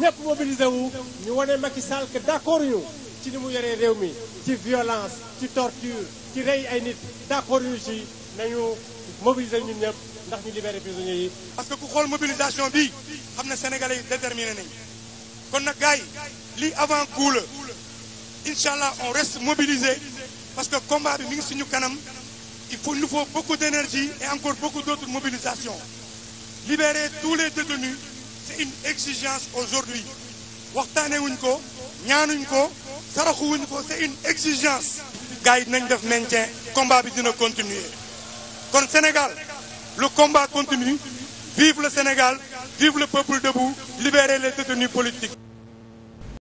ñëpp mobilisé wu ñu wane Macky Sall que d'accord ñu ci ni mu yoree réew mi ci violence ci torture ci rey ay nit d'accord ñu ci nañu mobiliser ñun ñëpp ndax ñu libéré prisonniers yi. parce que ku xool mobilisation bi xam na sénégalais yi déterminé nañu kon nag gars li avant coup la allah on reste mobilisé parce que combat bi mi ngi suñu kanam il faut nous faut beaucoup d'énergie et encore beaucoup d'autres mobilisations libérer tous les détenus. c'est une exigence aujourd'hui waxtaane wuñ ko ñaanuñ ko saraxuwuñ ko c'est une exigence gars yi dinañ def maintien combat bi dina continuer kon Sénégal le combat continue vive le Sénégal vive le peuple debout libérez les détenus politiques